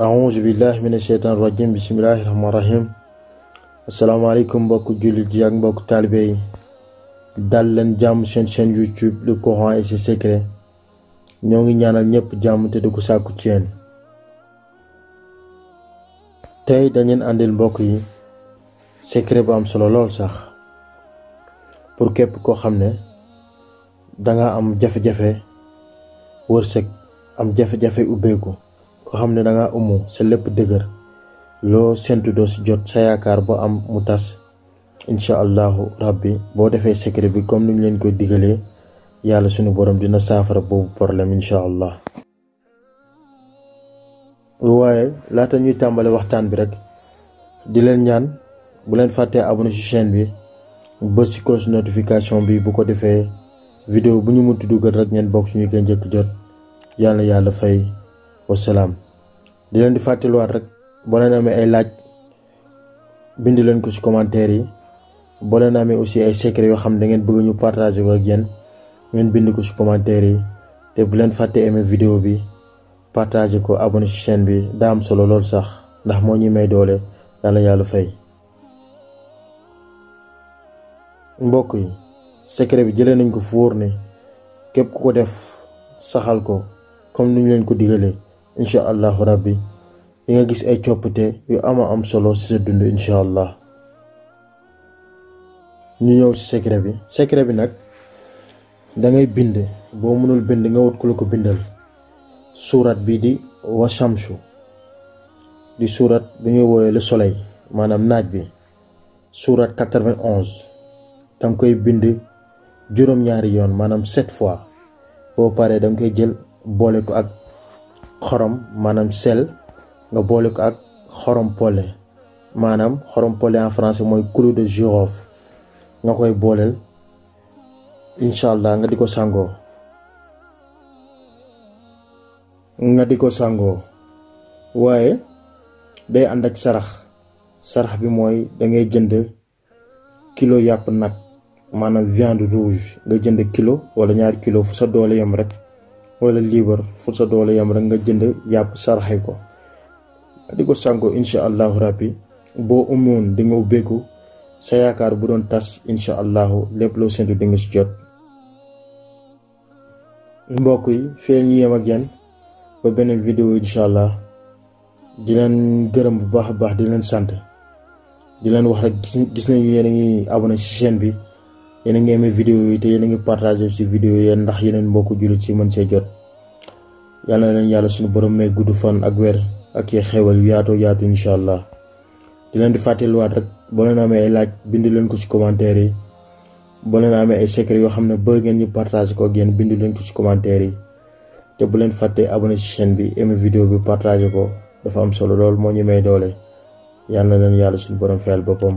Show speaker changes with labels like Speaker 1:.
Speaker 1: aouzu billahi mina sheytaan rajim bismillahi rahmaan rahim asalaamaaleykum mbokk jullit yi ak mbokk taalibe yi dal leen jàmm seen chaîne youtube le Coran et ses ñoo ngi ñaanal ñëpp jàmm te di ko sàkku ci yéen tey dañeen àndil mbokk yi secret bu am solo lool sax pour képp koo xam ne danga am jafe-jafe wërsëg am jafe-jafe ubbeeku ko xamne da nga umu sa lepp dëgër lo sentu doo jot sa yaakaar bo am mu tass insha allah rabbi bo defé secret bi comme niñ ñu leen koy digalé yalla suñu borom dina safara bo problème insha allah. la laata ñuy tambalé waxtaan bi rek di leen ñaan bu leen faté abonné ci chaîne bi ba ci cloche notification bi bu ko defé vidéo bu ñu tuddu dugal rek ñen bok suñu koy jot yalla yalla fay. wasalaam di leen di fàttaliwaat rek boo leen amee ay laaj bindi leen ko ci commentaire yi boo leen amee aussi ay secret yoo xam da ngeen bëgg ñu partager ko ak yéen ngeen bind ko ci commentaire yi te bu leen fàtte aimer vidéo bi partager ko abonné ci bi daa am solo lool sax ndax moo ñuy may doole yàlla yàlla fay. mbokk yi secret bi jëlee nañ ko fu wóor ne képp ku ko def saxal ko comme nu ñu leen ko digalee. incha allahu rabbi di nga gis ay coppite yu ama am solo ci sa dund incha allah ñu ñëw ci secret bi secret bi nag dangay bind boo mënul bind nga wut ku la ko bindal suurat bi di wa di suurat bi ñuy woowee le soleil maanaam naaj bi suurat 91 danga koy bind juróom-ñaari yoon maanaam sept fois boo paree danga koy jël boole ko ak xorom manam sel nga boole ko ak xorom pole manam xorom pole en français mooy clou de girofle nga koy booleel inshallah allah nga di ko sangoo nga di ko sangoo waaye day ànd ak sarax sarax bi mooy ngay jënd kilo yàpp nag manam viande rouge nga jënd kilo wala ñaari kilo fu sa doole yam rek wala liver fu sa doole yam rek nga jënd yàpp saraxe ko di ko sànko incha allahu rabbi boo umoon di nga ubbeeku sa yaakaar bu doon tas incha allahu lépp loo séntu di nga si jot mbokk yi fee ñu yem ak yan ba beneen vidéo incha allah di leen gërëm bu baax a baax di leen sant di leen wax rek gis nañu yéen ngi abonné ci chaîne bi yéen a ngi amee vidéo yi te yéen ngi partagé si vidéo yi ndax yeneen mbokku jullit si mën see jot yal na leen yàlla suñu borom may gudd fan ak weer ak i xewal yaatoo yaatu incha allah di leen di fàttaliwaat rek boo leen amee ay laaj bind leen ko si commentaire yi boo leen amee ay secret yoo xam ne bëgg ngeen ñu partagé ko ak yéen leen ko si commentaire yi te bu leen fàttee abone si bi aimé vidéo bi partagé ko dafa am solo lool moo ñu may doole yal yàlla suñu borom fayal boppam